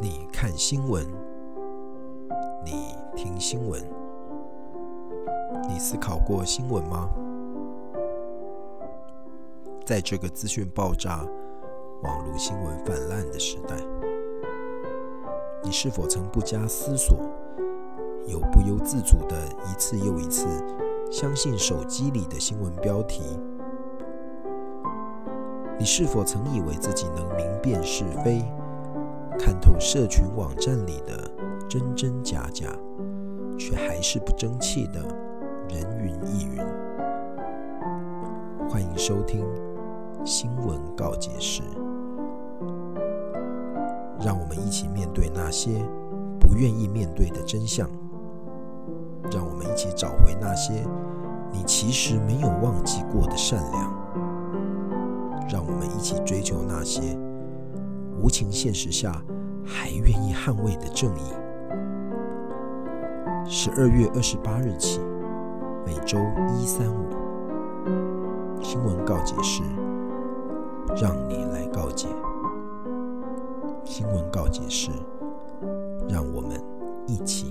你看新聞，你聽新聞，你思考過新聞嗎？在這個資訊爆炸、網絡新聞氾濫的時代，你是否曾不加思索，又不由自主的一次又一次相信手機裡的新聞標題？你是否曾以為自己能明辨是非，看透社群網站裡的真真假假，卻還是不爭氣的人云亦云。歡迎收聽《新聞告解室》。讓我們一起面對那些不願意面對的真相，讓我們一起找回那些你其實沒有忘記過的善良，讓我們一起追求那些，無情現實下，還願意捍衛的正義。十二月二十八日起，每週一三五，新聞告解室讓你來告解。新聞告解室讓我們一起。